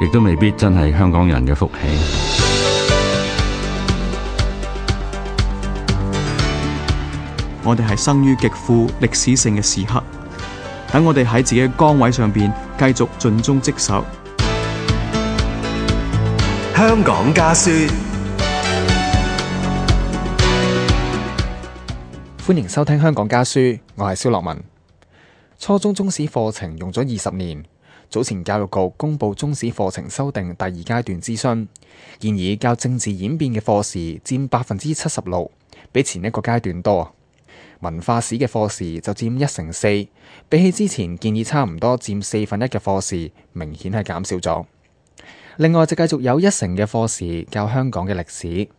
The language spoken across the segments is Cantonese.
亦都未必真係香港人嘅福氣。我哋係生於極富歷史性嘅時刻，等我哋喺自己嘅崗位上面繼續盡忠職守。香港家書，歡迎收聽《香港家書》，我係蕭樂文。初中中史課程用咗二十年。早前教育局公布中史課程修訂第二階段諮詢，建議教政治演變嘅課時佔百分之七十六，比前一個階段多。文化史嘅課時就佔一成四，比起之前建議差唔多佔四分一嘅課時，明顯係減少咗。另外，就繼續有一成嘅課時教香港嘅歷史。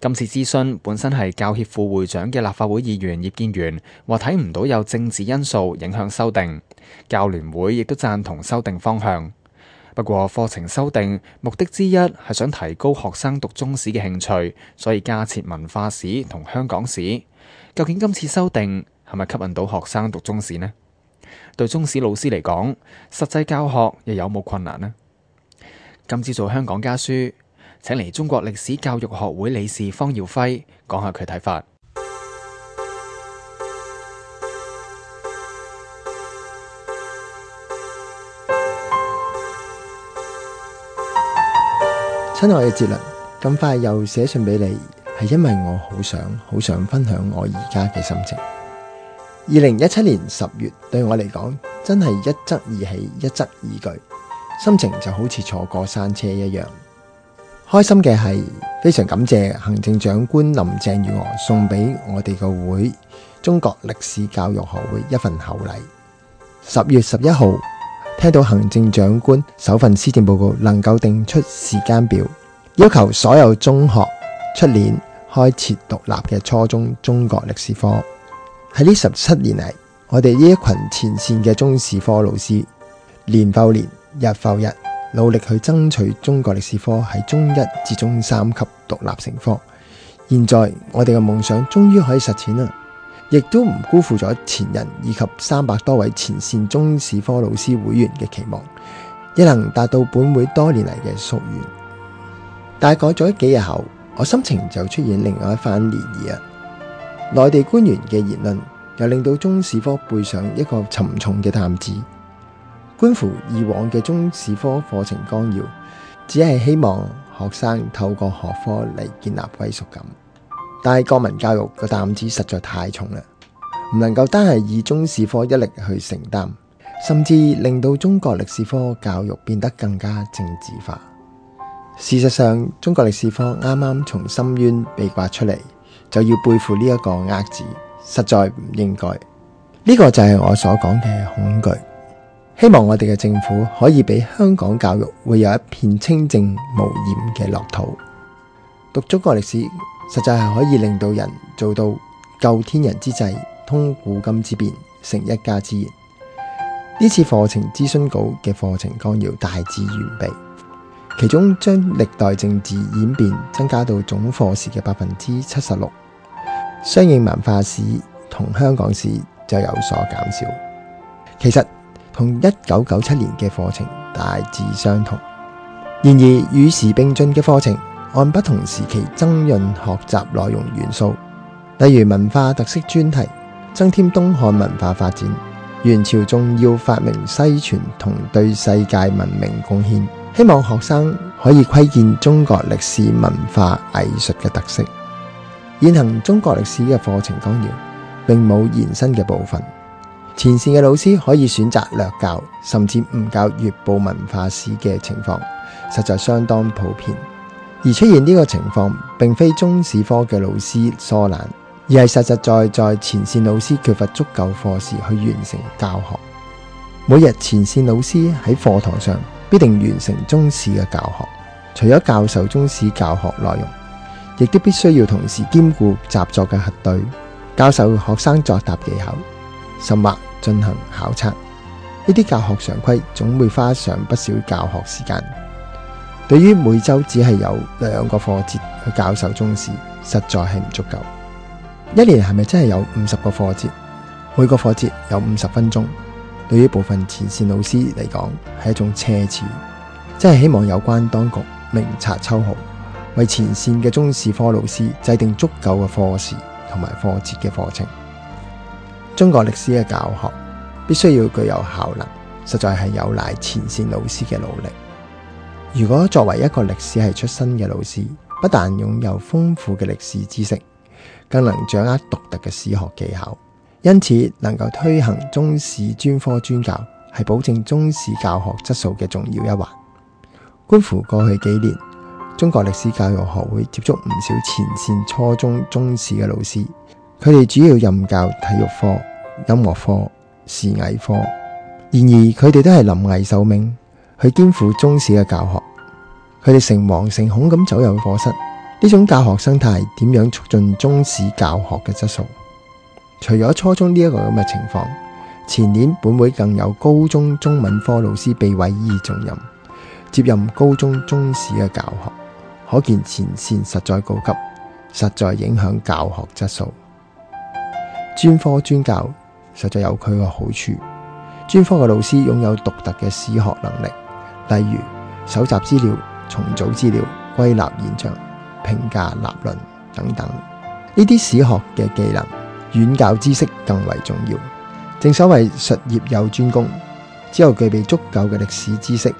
今次諮詢本身係教協副會長嘅立法會議員葉建源話睇唔到有政治因素影響修訂，教聯會亦都贊同修訂方向。不過課程修訂目的之一係想提高學生讀中史嘅興趣，所以加設文化史同香港史。究竟今次修訂係咪吸引到學生讀中史呢？對中史老師嚟講，實際教學又有冇困難呢？今次做香港家書。請嚟中國歷史教育學會理事方耀輝講下佢睇法。親愛嘅哲倫，咁快又寫信俾你，係因為我好想好想分享我而家嘅心情。二零一七年十月對我嚟講，真係一則以喜，一則以懼，心情就好似坐過山車一樣。開心嘅係，非常感謝行政長官林鄭月娥送俾我哋個會中國歷史教育學會一份厚禮。十月十一號，聽到行政長官首份施政報告能夠定出時間表，要求所有中學出年開設獨立嘅初中中國歷史科。喺呢十七年嚟，我哋呢一群前線嘅中史科老師，年復年，日復日。努力去爭取中國歷史科喺中一至中三級獨立成科，現在我哋嘅夢想終於可以實踐啦，亦都唔辜負咗前人以及三百多位前線中史科老師會員嘅期望，亦能達到本會多年嚟嘅夙願。大改咗幾日後，我心情就出現另外一番漣漪啊！內地官員嘅言論又令到中史科背上一個沉重嘅擔子。觀乎以往嘅中史科課程綱要，只係希望學生透過學科嚟建立歸屬感，但係國民教育個擔子實在太重啦，唔能夠單係以中史科一力去承擔，甚至令到中國歷史科教育變得更加政治化。事實上，中國歷史科啱啱從深淵被刮出嚟，就要背負呢一個壓字，實在唔應該。呢、這個就係我所講嘅恐懼。希望我哋嘅政府可以俾香港教育會有一片清淨無染嘅樂土。讀中國歷史，實在係可以令到人做到救天人之際，通古今之變，成一家之言。呢次課程諮詢稿嘅課程綱要大致完備，其中將歷代政治演變增加到總課時嘅百分之七十六，相應文化史同香港史就有所減少。其實。同一九九七年嘅課程大致相同，然而與時並進嘅課程，按不同時期增潤學習內容元素，例如文化特色專題，增添東漢文化發展、元朝重要發明西傳同對世界文明貢獻，希望學生可以窺見中國歷史文化藝術嘅特色。現行中國歷史嘅課程綱要，並冇延伸嘅部分。前線嘅老師可以選擇略教甚至唔教粵報文化史嘅情況，實在相當普遍。而出現呢個情況，並非中史科嘅老師疏懶，而係實實在在前線老師缺乏足夠課時去完成教學。每日前線老師喺課堂上必定完成中史嘅教學，除咗教授中史教學內容，亦都必須要同時兼顧習作嘅核對、教授學生作答技巧。深入進行考察。呢啲教學常規總會花上不少教學時間。對於每週只係有兩個課節去教授中史，實在係唔足夠。一年係咪真係有五十個課節？每個課節有五十分鐘，對於部分前線老師嚟講係一種奢侈。真係希望有關當局明察秋毫，為前線嘅中史科老師制定足夠嘅課時同埋課節嘅課程。中國歷史嘅教學必須要具有效能，實在係有賴前線老師嘅努力。如果作為一個歷史系出身嘅老師，不但擁有豐富嘅歷史知識，更能掌握獨特嘅史學技巧，因此能夠推行中史專科專教，係保證中史教學質素嘅重要一環。觀乎過去幾年，中國歷史教育學會接觸唔少前線初中中史嘅老師，佢哋主要任教體育科。音樂科、視藝科，然而佢哋都係臨危受命去肩負中史嘅教學，佢哋誠惶誠恐咁走入課室，呢種教學生態點樣促進中史教學嘅質素？除咗初中呢一個咁嘅情況，前年本會更有高中中文科老師被委以重任，接任高中中史嘅教學，可見前線實在高級，實在影響教學質素，專科專教。實在有佢嘅好處。專科嘅老師擁有獨特嘅史學能力，例如搜集資料、重組資料、歸納現象、評價立論等等。呢啲史學嘅技能，遠教知識更為重要。正所謂術業有專攻，只有具備足夠嘅歷史知識，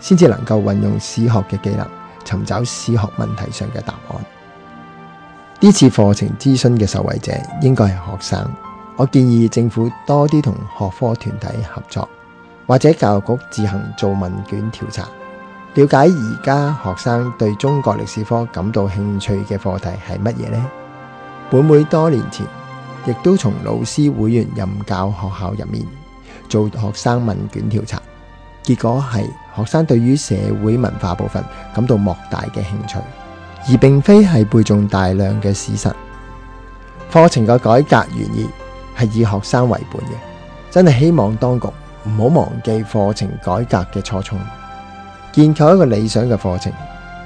先至能夠運用史學嘅技能，尋找史學問題上嘅答案。呢次課程諮詢嘅受惠者，應該係學生。我建議政府多啲同學科團體合作，或者教育局自行做問卷調查，了解而家學生對中國歷史科感到興趣嘅課題係乜嘢呢？本會多年前亦都從老師會員任教學校入面做學生問卷調查，結果係學生對於社會文化部分感到莫大嘅興趣，而並非係背誦大量嘅事實。課程個改革原意，係以學生為本嘅，真係希望當局唔好忘記課程改革嘅初衷，建構一個理想嘅課程，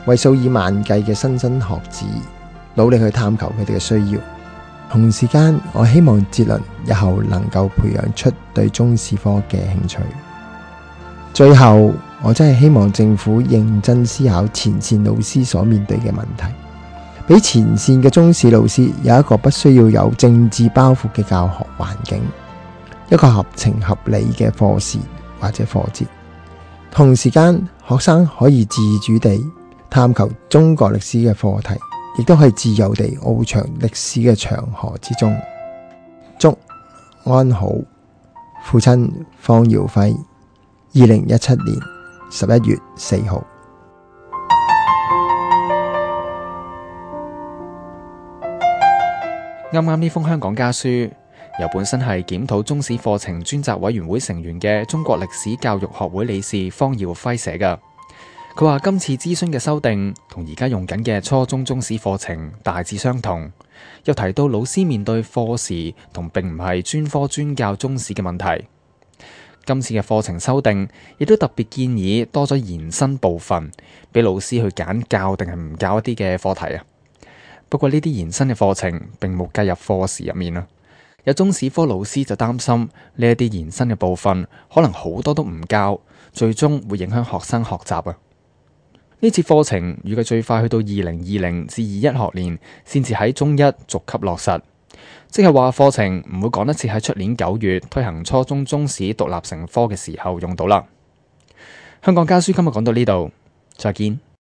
為數以萬計嘅莘莘學子努力去探求佢哋嘅需要。同時間，我希望哲倫日後能夠培養出對中史科嘅興趣。最後，我真係希望政府認真思考前線老師所面對嘅問題。俾前線嘅中史老師有一個不需要有政治包袱嘅教學環境，一個合情合理嘅課時或者課節，同時間學生可以自主地探求中國歷史嘅課題，亦都可以自由地翱翔歷史嘅長河之中。祝安好，父親方耀輝，二零一七年十一月四號。啱啱呢封香港家書由本身係檢討中史課程專責委員會成員嘅中國歷史教育學會理事方耀輝寫嘅。佢話今次諮詢嘅修訂同而家用緊嘅初中中史課程大致相同，又提到老師面對課時同並唔係專科專教中史嘅問題。今次嘅課程修訂亦都特別建議多咗延伸部分俾老師去揀教定係唔教一啲嘅課題啊。不過呢啲延伸嘅課程並冇計入課時入面啊！有中史科老師就擔心呢一啲延伸嘅部分可能好多都唔教，最終會影響學生學習啊！呢次課程預計最快去到二零二零至二一學年，先至喺中一逐級落實，即係話課程唔會趕得切喺出年九月推行初中中史獨立成科嘅時候用到啦。香港家書今日講到呢度，再見。